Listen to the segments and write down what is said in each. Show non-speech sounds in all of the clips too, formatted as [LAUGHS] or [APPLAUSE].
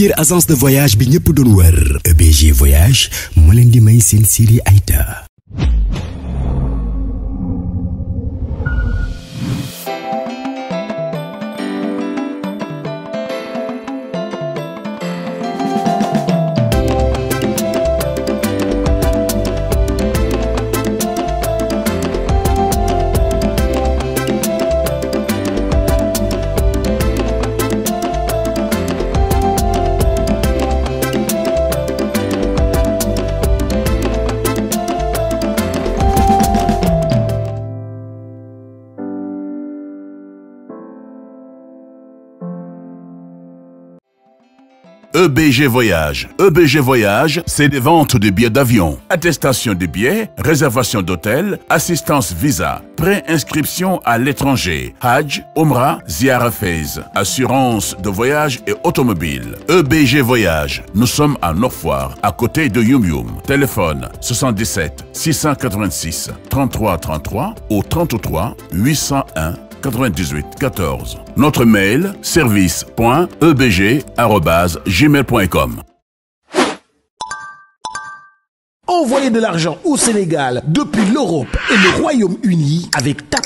meilleure agence de voyage bi ñëpp doon wër EBG voyage moo leen di may seen EBG Voyage. EBG Voyage, c'est des ventes de billets d'avion, attestation de billets, réservation d'hôtel, assistance visa, pré-inscription à l'étranger, Hajj, Omra, Ziara Fez, assurance de voyage et automobile. EBG Voyage. Nous sommes à Norfoire, à côté de Yum Yum. Téléphone 77 686 33 33 ou 33 801 98 14. Notre mail service.ebg.gmail.com Envoyer de l'argent au Sénégal depuis l'Europe et le Royaume-Uni avec ta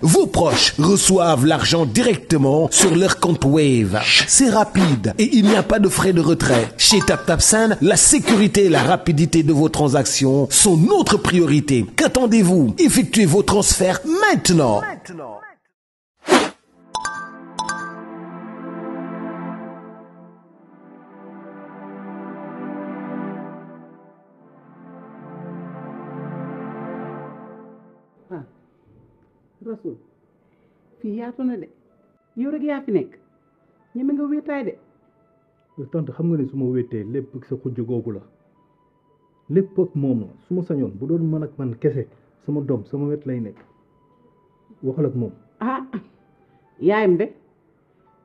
vos proches reçoivent l'argent directement sur leur compte Wave. C'est rapide et il n'y a pas de frais de retrait. Chez TapTapSend, la sécurité et la rapidité de vos transactions sont notre priorité. Qu'attendez-vous Effectuez vos transferts maintenant. rasul fii yaatu na de yow rek yaa fi nekk ñeme nga wéetaay de. tontu xam nga ne su ma wéetee lépp ak sa xujj googu la lépp ak moom su ma sañoon bu doon mën ak man kese sama doom sama wet lay nekk waxal ak moom. ah yaayam de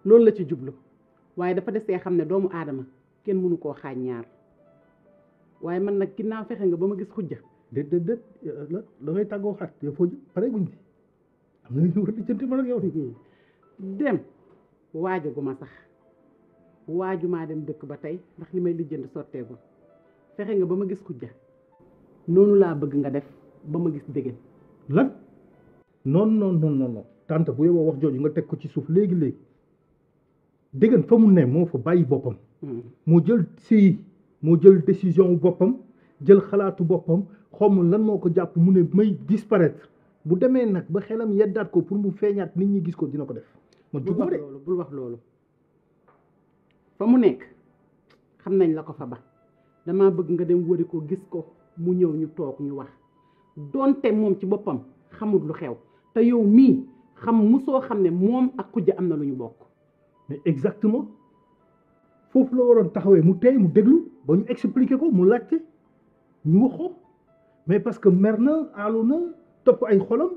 loolu la ci jublu waaye dafa desee xam ne doomu aadama kenn mënu koo xaaj ñaar waaye man nag ginnaaw fexe nga ba ma gis xujja. déet déet déet la da ngay tàggoo pare guñ ci am na ñu war di jënti man ak yow liggéey dem waajaguma sax waajumaa dem dëkk ba tey ndax li may lijjanti sotteegul fexe nga ba ma gis kujja noonu laa bëgg nga def ba ma gis dégg lan non noon non non non tante bu yowoo wax jooju nga teg ko ci suuf léegi léegi déggan fa mu ne moo fa bàyyi boppam hmm. moo jël si moo jël décision boppam jël xalaatu boppam xawma lan moo ko jàpp mu ne may disparaître bu demee nag ba xélam yeddat ko pour mu feeñaat nit ñi gis ko dina ko def. ma dugg de loolu bul wax lolu fa mu nekk xam nañ la ko fa ba dama bëgg nga dem wëri ko gis ko mu ñëw ñu tok ñu wax donté mom ci bopam xamul lu xew té yow mi xam muso xamné mom ak kujja am na lu ñu bokk. mais exactement fofu la waron taxawé mu tey mu déglu ba ñu expliquer ko mu laajte ñu waxo mais parce que mer na aalu topp ay xolam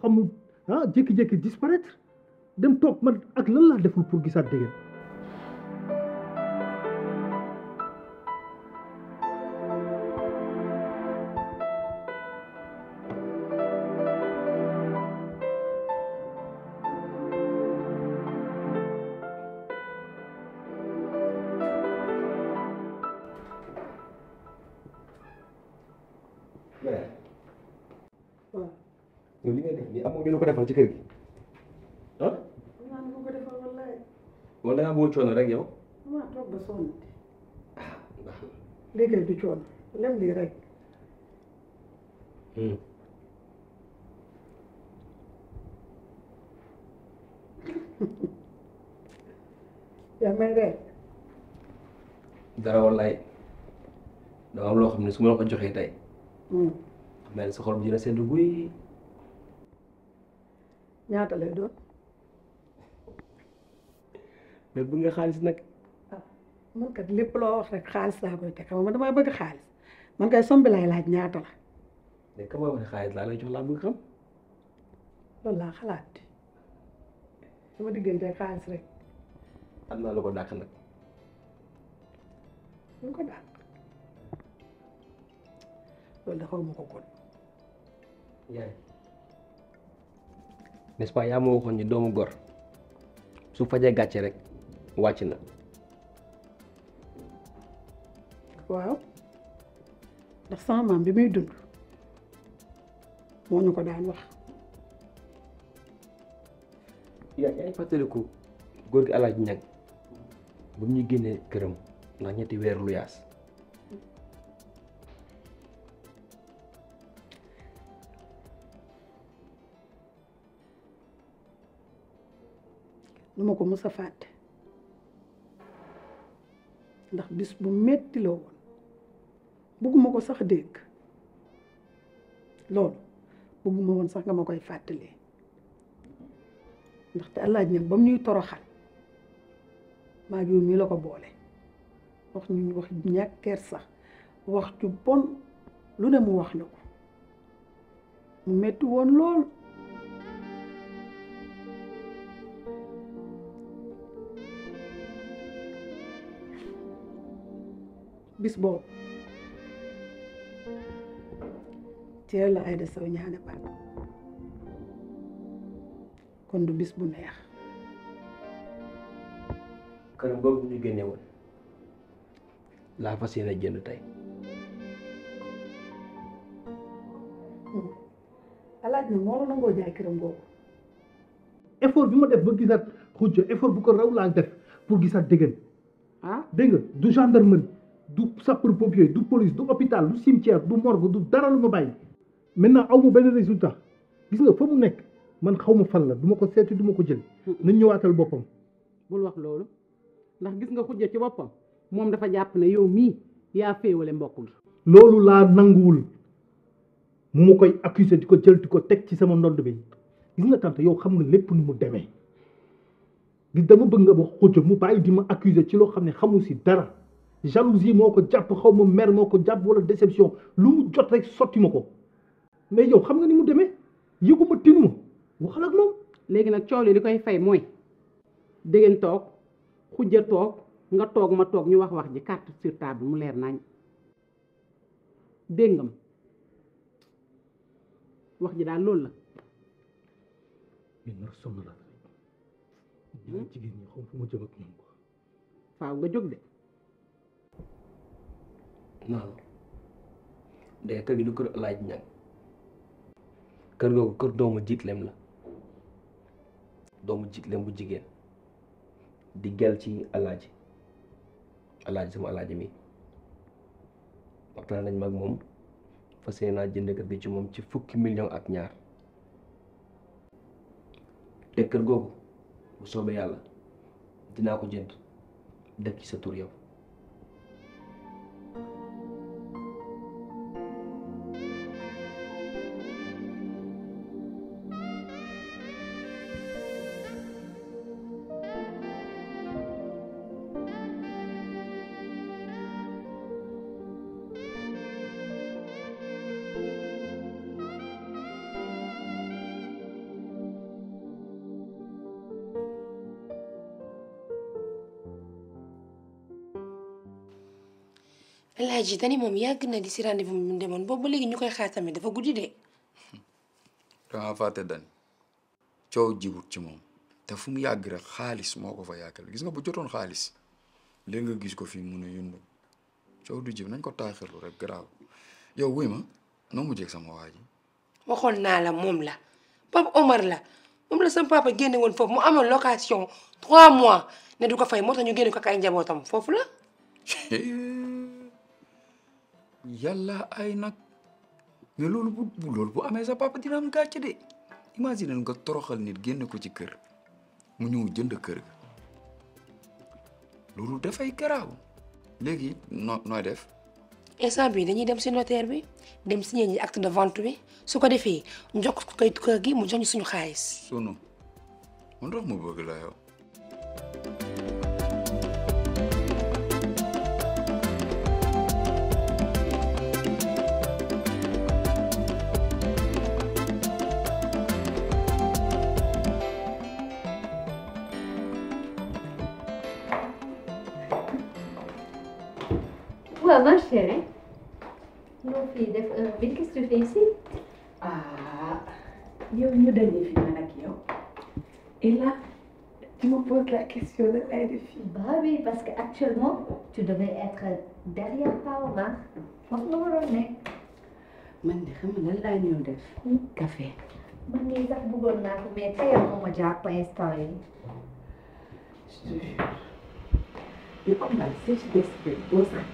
xamul ah jékki-jékki disparaître dem toog man ak lan laa deful pour gisaat dégg ngay def nii amoo ñu la ko defal ci kër gi ah. maanaam bu ko rek yow. maa toog ba sonn. Ah, léegi rek. Hmm. [LAUGHS] yaa may rek. dara wallaay dama am loo xam ne su ma la ko joxee tey. xam hmm. guy. ยาตะเลยด้วยเบิ่งก็ขาลสินักมันก็ลิปโล้อสักขาลสักไปแต่ก็มันต้องมาเบิ่งก็ขาลมันก็ส่งไปหลายหลายเยาตวละเด็กก็มาเบิ่งขาลหลายเลยจนลำบึ้งครับลำลาขลาดมันได้เงินได้ขาลสิอันนั้นเราก็ดักนักมันก็ดักเราเลิกเอามุกคนใหญ n'est-ce pas yaa ma waxoon doomu gor su fajee gàccee rek wàcc na. waaw ndax sama bi may dund moo ñu ko daan wax. yaa ngi fàttaliku góor gi alaaj ñag ba mu ñu génnee këram ndax ñetti weer lu yaas. lu ma ko mës a fàtte ndax bis bu metti la woon bëgguma ko sax a dégg loolu bëgguma woon sax nga ma koy fàttali ndaxte allaaj ñam ba mu ñuy toroxal maa ngi la ko boole wax ñu wax ñàkk kersa wax ju bon lu ne mu wax ñu ko mu metti woon lool bis boobu teel la Aida Sow ñaane baat kon du bis bu neex këram boobu ñu génne woon laa fas yéene jënd tey hmm. alaaj na moo la nangoo jaay këram boobu effort bi ma def ba gisaat xujja effort bu ko raw laa def pour gisaat déggan ah du gendarmerie du sapeur pompier du police du hôpital du cimetière du morgue du dara lu ma bàyyi maintenant aw ma benn résultat gis nga fa mu nekk man xaw ma fan la duma ko seeti duma ma ko jël hmm. nañ ñëwaatal boppam bul wax loolu ndax gis nga xujja ci boppam moom dafa jàpp ne yow mii yaa féewale mbokkul gi loolu laa nanguwul mu ma koy accuser di ko jël di ko teg ci sama ndodd bi gis nga tante yow xam nga lépp ni mu demee gis dama bëgg nga ba xujja mu bàyyi di ma accuser ci loo xam ne xamul si dara jalousie moko ko jàpp ma mer moko ko wala déception lu mu jot rek soti mako mais yow xam nga ni mu démé yeguma ma les ma waxal ak moom. léegi nag coow li fay moy dégen tok xujja tok nga tok ma tok ñu wax wax ji carte sur table mu leer nañ dégg wax ji da lool la. mais la. ci hmm? fu jëm ak faaw nga de. noonu de kër gi du kër laaj ñan kër googu kër doomu jiitlem la doomu jiitlem bu jigéen di gel ci alaaji alaaji sama alaaji mi waxtaan nañ mag moom fas yéene naa jënd kër gi ci moom ci fukki million ak ñaar te kër googu bu soobee yàlla dinaa ko jënd def ci sa tur Aji Tani mom yag na di si rendez-vous mu demoon boobu ba léegi ñu xaar tamit dafa guddi de. danga fàtte Dani ciow jiwut ci mom te fu mu yàgg rek xaaliss moko fa yakal gis nga bu jotone xaaliss le nga gis ko fi mu ne yëndu ciow du jiw nañ ko lu rek graw yow wuy ma mu jek sama waji waxon na la mom la pap Omar la mom la sama papa génne won foofu mu amal location 3 mois ne du ko fay moo ñu ko kay njabotam fofu la. [LAUGHS] yalla ay nak mais ya, loolu bu loolu bu amé sa papa dina am gàcce dé imagine nga toroxal nit génn ko ci kër mu ñu jënd kër ga da fay graw légui no nooy def instant ya, bi dañuy dem ci notaire bi dem signé ñi acte de vente bi su ko defee njokk ko kay kër gi mu jox ñu suñu xaalis sunu man dox mo bëgg la yow Oula, ma chère, qu'est-ce que tu fais ici? ah yow fi man et là tu me poses la question de la fille. bah oui parce qu'actuellement, tu devais être derrière Je hein? non Je man fille. Je suis Je café. man mais li ko waral chef d'esprit boo sax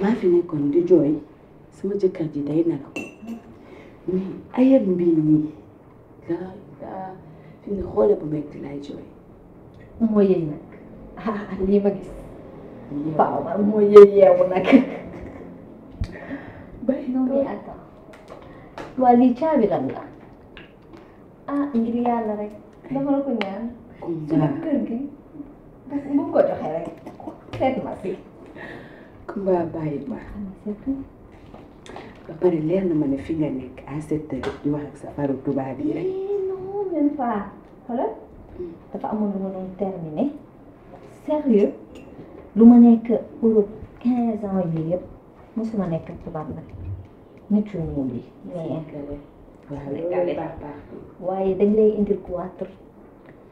maa fi nekkoon di jooy sama jëkkër ji day nelaw mais ayam mbii nii gaa gaa fi ne xoole bu metti lay jooy moo yëy nag lii ma gis waaw moo yëy yeewu nag bari non mais attends waa lii caabi lan la ah ngir yàlla rek la ko ñaan sama kër gi bés bu ko joxee rek seet ma si. Kumba bàyyi ma. ba pare leer na ma ne nekk à sept wax ak sa faru tubaab yi rek. non même pas xoolal dafa lu ma doon terminé sérieux lu ma nekk Europe quinze ans yii yëpp nekk tubaab nag nit yu ñuul yi. waaye dañ lay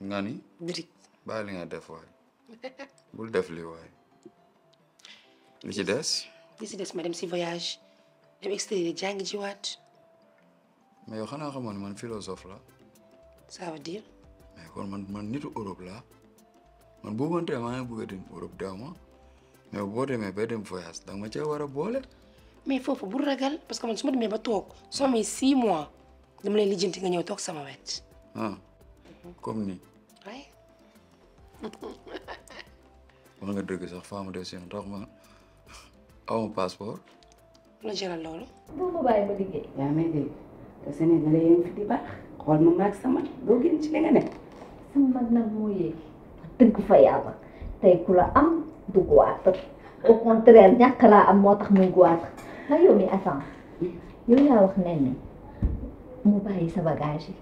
nga ni. birig bàyyi li nga def waay bul def li waay li ci des. li ci des ma dem si voyage dem extérieur jàngi jiwaat. mais yow xanaa xamoon man philosophe la. ça veut dire. mais kon man man nitu Europe la man bu ma demee maa ngi bëgg a dem Europe daw ma mais boo demee ba dem voyage danga ma cee war a boole. mais foofu bu ragal parce que man su ma demee ba toog soo amee six mois dama lay lijjanti nga ñëw toog sama wet. Ah. comme nii. oui. [LAUGHS] wax nga dëgg sax femme de science tax ma aw ma passeport. la jëlal loolu. boo ma ma liggéey. yaa may dégg te sene na la yéen baax xool ma maag sama doo génn ci li nga nekk. sama mag nag moo yéeg dëgg fa yàlla tey ku la am du guwaat au contraire ñàkk laa am moo tax muy guwaat nga yow mi Assane wax ne ni mu bàyyi sa bagage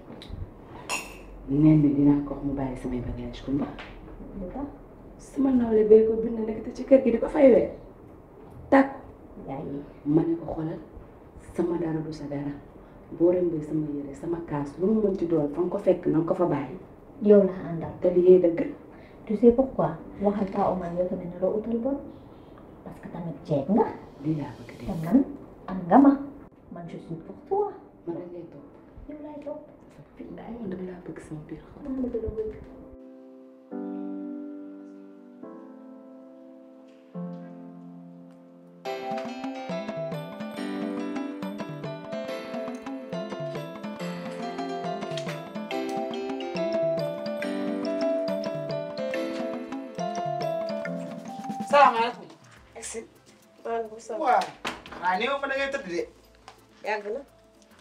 nee na dinaa ko wax mu bàyyi samay bagage Kumba sama nawle bee ko bind nekk te ci kër gi di ko fay weer tàkk yaay ma ne ko xoolal sama dara du sa dara boo rembee sama yére sama kaas lu mu mën ci doon fa nga ko fekk na ko fa bàyyi yow la àndal te li yee dëgg tu sais pourquoi waxal taa Omar yow tamit ne loo utal bon parce que tamit jeeg nga lii laa bëgg de man man je suis pour toi man a ngay topp yow laay topp. billaay man dama laa bëgg sama biir xol. man ma gën a bëgg. salaamaaleykum. waaw. waaw néew ma da ngay tëdd de. yàgg na.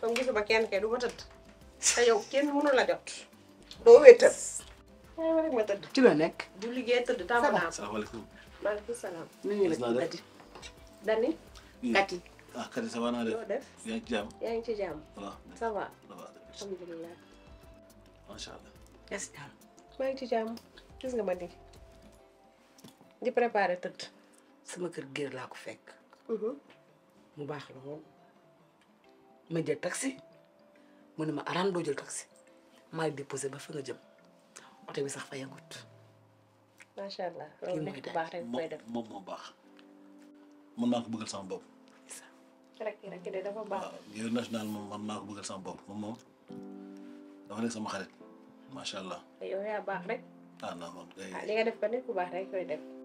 donc sebagian kenn kay du ma tëdd te yow Dua meter. la jot doo wéetal. waaw rek ma tëdd. ci la nekk. bu liggéey tëdd tàmm naa. la Kati. Dani. Kati. Iya. ah Kati ça va naa def. yaa ngi jam. jàmm. yaa ngi ci allah. Yes. maa ngi ci jam. gis nga ma nii di préparer tëdd. sama kër géer laa ko fekk. mu ma jël taxi mu ne ma araan doo jël taxi maa ngi déposé ba fa nga jëm oto bi sax fa macha allah loolu nekk baax rek koy def moom moo baax. mën ko bëggal sama bopp. rek rek de dafa baax. mau national moom man sama bopp moom moom sama xarit macha allah. yow yaa baax rek. ah non man ah, li nga def nekk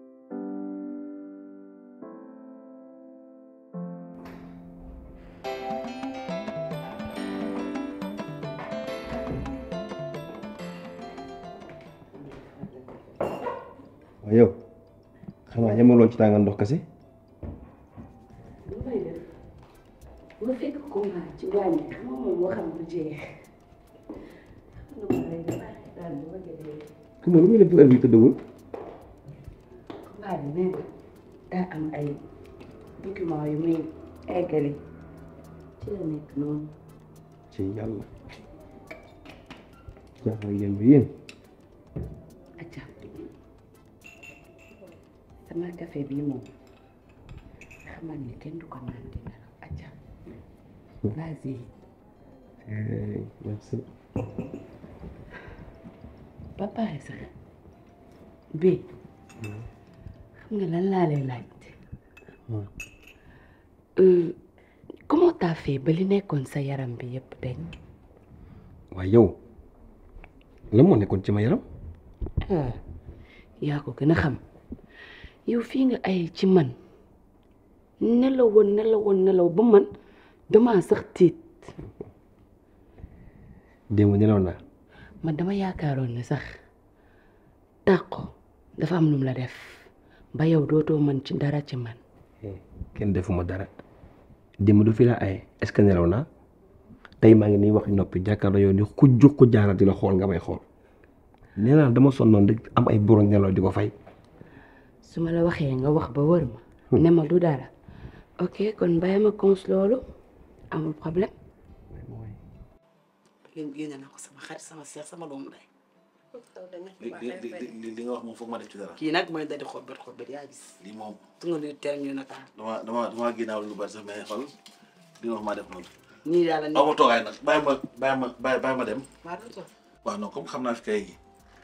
xanaa yemuloo ci tàngal ndox kese. lu may def ma fekk ko waa ci wàññi moom moo xam lu jeex xam nga lu muy def heure bi tëddagul. combat bi nee na daa am ay document yu eh. muy ci la nekk noonu. ci yàlla jaaxal ngeen bi yéen. sama café bii moom xamal ni kenn du ko naan di nelaw acca vas-y ba pare sax bi hmm. xam nga lan laa lay laaj hmm. euh, comment t'as fait ba nekkoon sa yaram bi yëpp dañ waaye yow lan moo nekkoon ci ma yaram ah, yaa ko gën a xam yow fii nga ay ci man nelaw nelaw nelaw ba man damaa sax tiit. démb nelaw naa. man dama yaakaaroon ni sax tàqo dafa am lu la def ba yow dootoo mën ci dara ci man. Eh, kenn defuma dara démb du fi laa ay est-ce que nelaw na tey maa ngi nii wax noppi jàkkaarloo yow ni xujju xujjaara di la xool nga may xool nee naa dama sonnoon rek am ay borom nelaw di ko fay. su ma la waxee nga wax ba wër ma ne ma du dara ok kon bàyyi ma cons loolu problème léegi génne naa ko sama xarit sama seex sama doomu day li li nga wax moom foog ma def ci dara. kii nag mooy dadi xobbet xobbet yaa gis. lii moom. tu nga luy teel ñu naka. damaa damaa damaa ginnaaw lu bari sax mais xol li nga wax maa def nii yàlla nii aw comme xam naa fi kay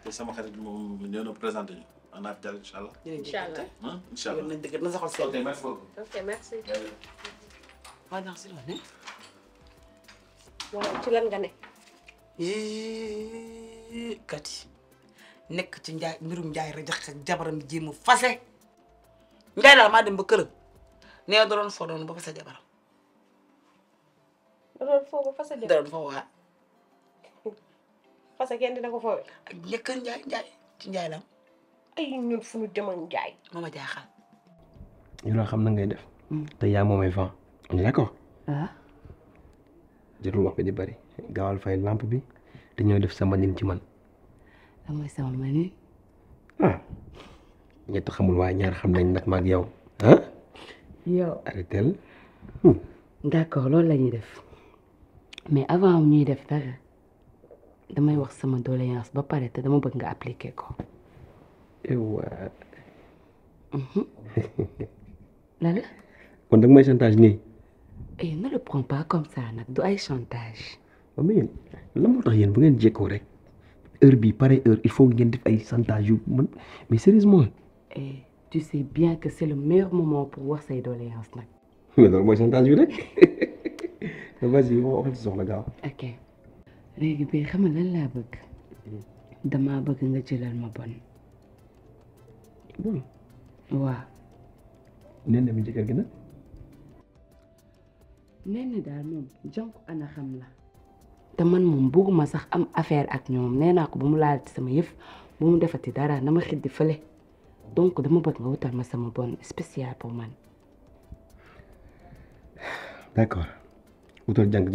te sama xarit moom nee na présenté ñu. on allah. incha allah na saxal si loo ne. waaw ci lan nekk ci njaay mbirum njaay rajo ak jabaram ji mu fase. njaay daal maa dem ba këram nee na doon foo fase jabaram. doon foo [LAUGHS] fase kenn dina ko foowee. ak njëkkër njaay njaay njaay la ay ñun fu ñu jëm ak Ndiaye. moo ma jaaxal. yow xam na ngay def. te yaa moomay vent. on est d'accord. waaw. jarul wax bi di bari gaawal fay lampe bi te ñooy def sa manin ci man. lan sama manin. ah ñett xamul waaye ñaar xam nañ nag maag yow ah. yow arrêté la. d'accord loolu la ñuy def mais avant ñuy def dara damay wax sama ya. doléance ba pare te dama bëgg nga appliquer ko. yawwa mhm. Lala. la kon da chantage nii eh ne le prends pas comme ça nag du ay chantage oh, mais lan moo tax yéen bu ngeen jekkoo rek heure bii pareil heure il faut ngeen def ay chantage mais sérieusement eh tu sais bien que c'est le meilleur moment pour voir ces doléances. nag [LAUGHS] mais loolu moi, chantage bi rek [LAUGHS] vas-y on waxal ci le gars. ok léegi bii xam nga lan laa bëgg mm. damaa bëgg nga jëlal ma bon どい。うわ。nee na mi jëkkër gi nag. nee na daal moom jonk ana am affaire ak ñoom nee naa ko bu mu laalati sama yëf bu mu defati dara na ma xiddi fële donc dama bëgg nga wutal ma sama bon spécial pour man. d'accord wutal jànk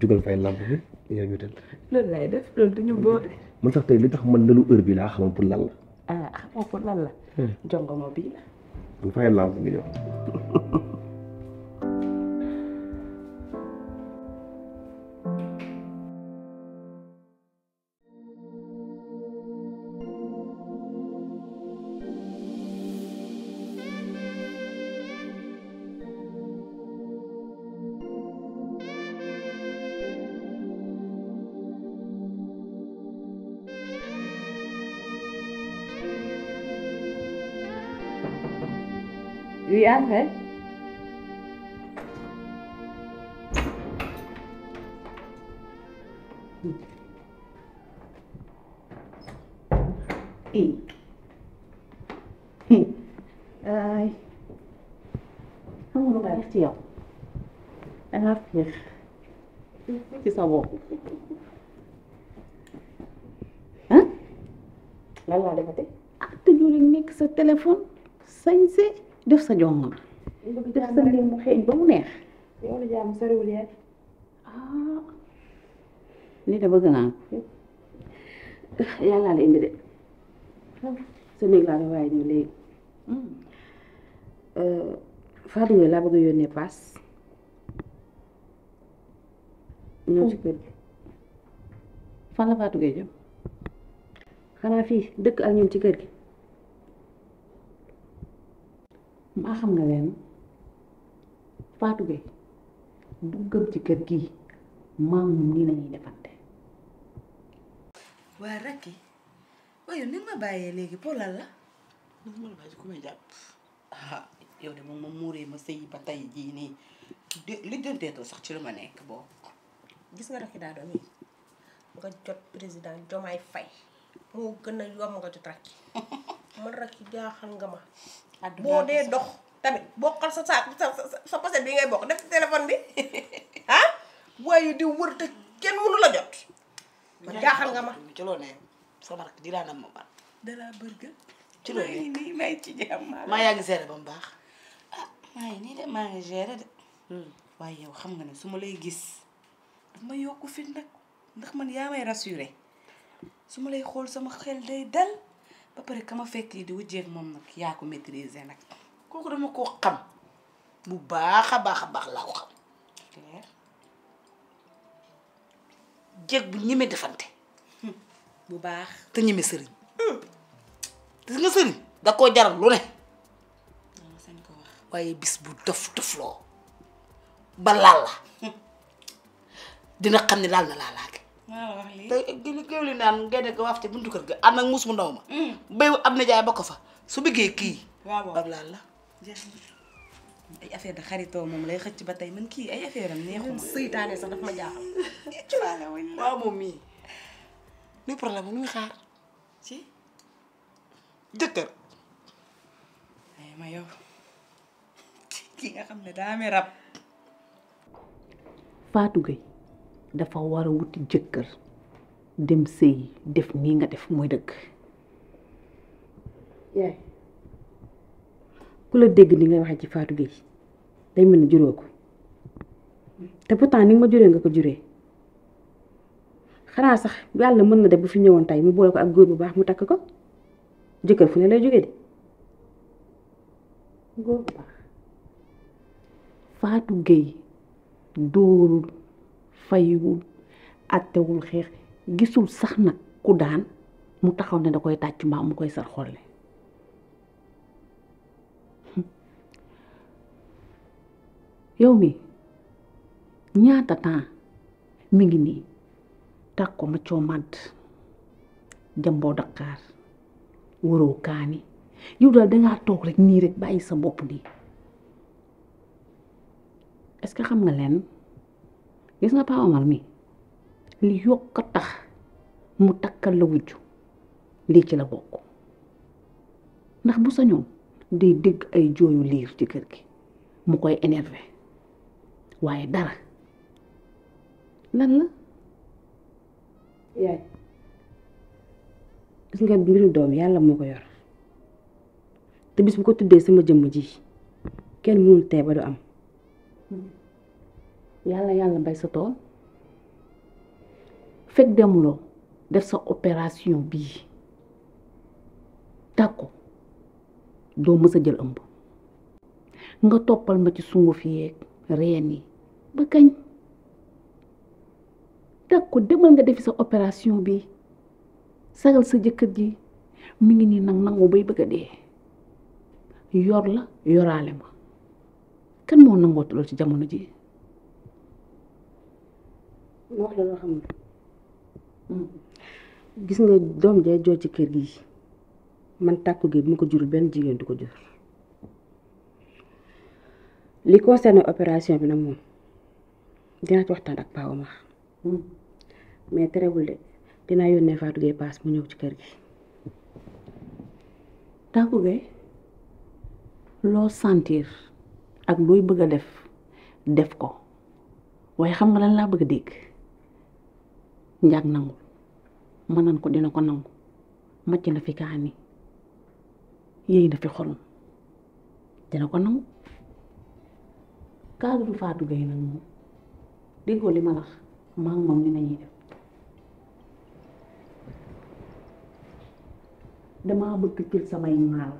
jugal fay lamp yow ñu dem. loolu laay def loolu du ñu boole. man sax tey li tax man ah xamoo pour lan la. bii la. bu fayal jox. Doe aan, hm. Hm. Hm. het? Ik. Hm. Ei. Uh, maar En af hier. sa jong ma. def mu ba mu neex. yow la jàmm soriwul yaay. de bëgg naa ko. yàlla la indi de. sa néeg laa waaye ñëw léegi. Fatou Ndiaye laa bëgg a yónnee paas. ñëw ci kër gi. fan la Fatou Ndiaye jëm. xanaa fii dëkk ak ñun ci kër gi. ma xam nga leen Fatou Gueye duggam ci kër gi maa ngi nii la ñuy defante. waa Racky waaye ni ma bàyyee léegi polal la. ni ma la bàyyi ku may jàpp ah yow de moom ma muuree ma sëy ba tey jii nii li jënteetoo sax ci lu ma nekk boo gis nga Racky daa doon nga jot président Diomaye fay moo gën a yomb nga jot rakki [LAUGHS] man rakki jaaxal nga ma. boo dee dox tamit bokkal sa saak sa sa poset bi ngay bokk def téléphone bi [LAUGHS] ah waaye di wër kenn mënu la jot. man jaaxal nga ma ci loolu di laa nam ma ci loolu nii nii may maa. yaa ngi gérer ba mu baax. ah maa ngi nii de maa ngi gérer de. Hmm. waaye yow xam nga ne su ma lay gis daf ma yokk fit nag ndax man yaa may rassuré su ma lay xool sama xel day dal. ba pare ka fekk yi di wujjeeg moom nag yaa ko maîtriser nag kooku dama koo xam bu baax a baax a baax laa ko xam jeeg bu ñeme defante hmm. bu baax te ñeme sëriñ gis nga sëriñ da koo jaral lu ne waaye bis bu dof dofloo ba laal la hmm. dina xam ne daal na laalaate te géew li naan gaynde ga waaf te buntu kër ga ànd ak muus mu ndaw ma hmm. béyu am na jaay ba ko fa su bëggee kii bab laal la ay affaire de xaritoo moom lay xëcc ba tey man kii ay affaire am neexuma [LAUGHS] seytaane sax daf ma jaaxal waaw moom mii luy problème lu muy xaar ci jëkkër ay ma yow [LAUGHS] kii nga xam ne daa amee rab Fatou Gueye dafa war a wuti jëkkër dem sëy def nii nga def mooy dëgg ku la dégg ni ngay waxee ci faatu Gueye day mel na juróo ko te pourtant ni ma juree nga ko juree xanaa sax yàlla mën na def bu fi ñëwoon tey mu boole ko ak góor bu baax mu takk ko jëkkër fu ne lay jógee de góor bu dóorul fayiwul attewul xeex gisul sax nag ku daan mu taxaw ne da koy tàcc mbaa mu koy sar xolle yow mi ñaata temps mi ngi nii tàkk ko ma coo màdd jamboo daqaar waroo kaani yow daal dangaa toog rek nii rek bàyyi sa bopp nii est-ce que xam nga leen gis nga Paa Omar mi li yokk a tax mu takkal la wujj lii ci la bokk ndax bu sañoon day dégg ay jooyu liir ci kër gi mu koy énervé waaye dara lan la gis nga mbiru doom yàlla moo ko yor te bis bu ko tuddee sama jëmm ji kenn mënul tee du am yalla yalla bay sa fek dem lo def sa operation bi tàg do ma sa jël ëmb nga topal ma ci sungu fi yek reen yi ba kañ tàg demal nga def sa operation bi sagal sa jëkkat ji mi ngi ni nag nangu bay bëgg dé yor la yoralé ma kan mo nangootu loolu ci jamono ji ma wax la loo xam ne gis nga doom jay jooy ci kër gi man tàkku gi bi ma ko jurul benn jigéen du ko jur li concerne opération bi nag moom dinaa ci waxtaan ak Pa mais terewul de dinaa yónnee Fatou Gueye paas mu ñëw ci kër gi tàkku gay loo sentir ak looy bëgg a def def ko waaye xam nga lañ laa bëgg a dégg njaag nangu ma naan ko dina ko nangu macc na fi kaani yéy na fi xorom dina ko nangu kaagadu faatu Gueye nag moom déggoo li ma lax maa ngi moom ni nañuy def damaa bëgg jël samay maal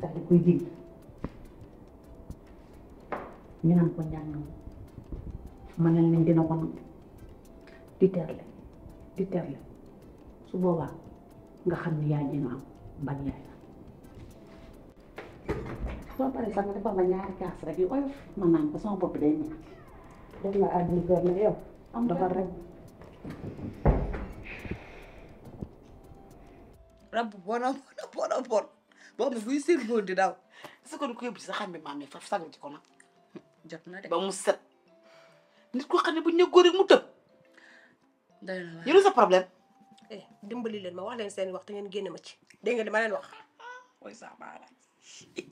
daal di koy jig ñu naan ko njàng ma ne leen dina ko nangu di terle di terle su boba nga xam ne yaay ñu am bañ yaay soo paree sax nga defal ma ñaari kaas rek yu oyof ma naan ko sama bopp day ñàkk def la àdduna gër na yow am defal rek rab bona bona bona bon boo xam buy sir góor di daw sa ko ko yobbi sa xam bi maam ne faf sagal ci ko nag jot na de ba mu set nit ko xam ne bu ñu góor rek mu tëb yow sa problème. eh dimbali leen ma wax leen seen wax te ngeen génne ma ci dégg nga li ma leen wax. mooy sax baara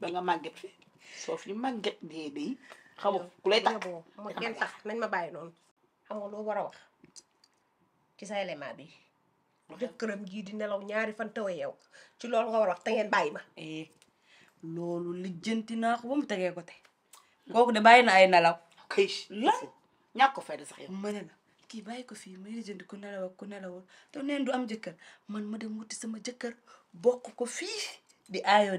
ba nga màgget fi soo fi màgget dee dee xam nga ku lay tax ma kenn tax nañ ma bàyyi noonu. xam nga loo war a wax ci sa élément bi. jëkkëram jii di nelaw ñaari fan tawe yow ci loolu nga war a wax te ngeen bàyyi ma. Eh, loolu lijjanti ko ba mu tegee ko te. na ay nelaw. kay lan ñàkk ko fayda sax yow. mën na. qui va ko fii muy je ku nelaw ak ku nelawul neen du am jëkkër man ma dem wuti sama jëkkër bokk ko fi di ayo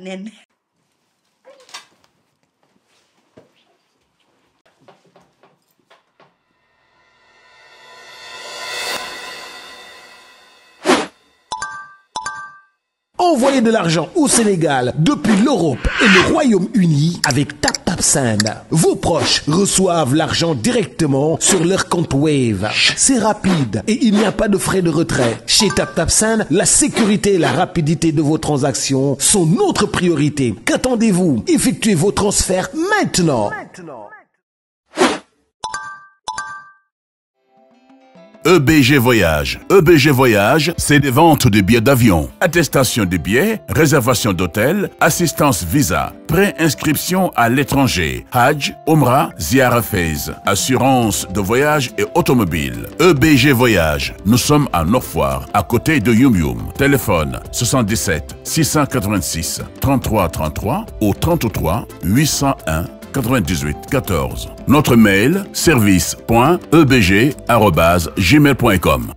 Envoyez de l'argent au Sénégal depuis l'Europe et le Royaume-Uni avec TAP vos proches reçoivent l'argent directement sur leur compte Wave. C'est rapide et il n'y a pas de frais de retrait. Chez TapTapSend, la sécurité et la rapidité de vos transactions sont notre priorité. Qu'attendez-vous Effectuez vos transferts maintenant. EBG Voyage. EBG Voyage, c'est des ventes de billets d'avion, attestation de billets, réservation d'hôtel, assistance visa, pré-inscription à l'étranger, Hajj, Omra, Ziara Fez, assurance de voyage et automobile. EBG Voyage. Nous sommes à Norfoire, à côté de Yum Yum. Téléphone 77 686 33 33 ou 33 801 98 14. Notre mail service.ebg.gmail.com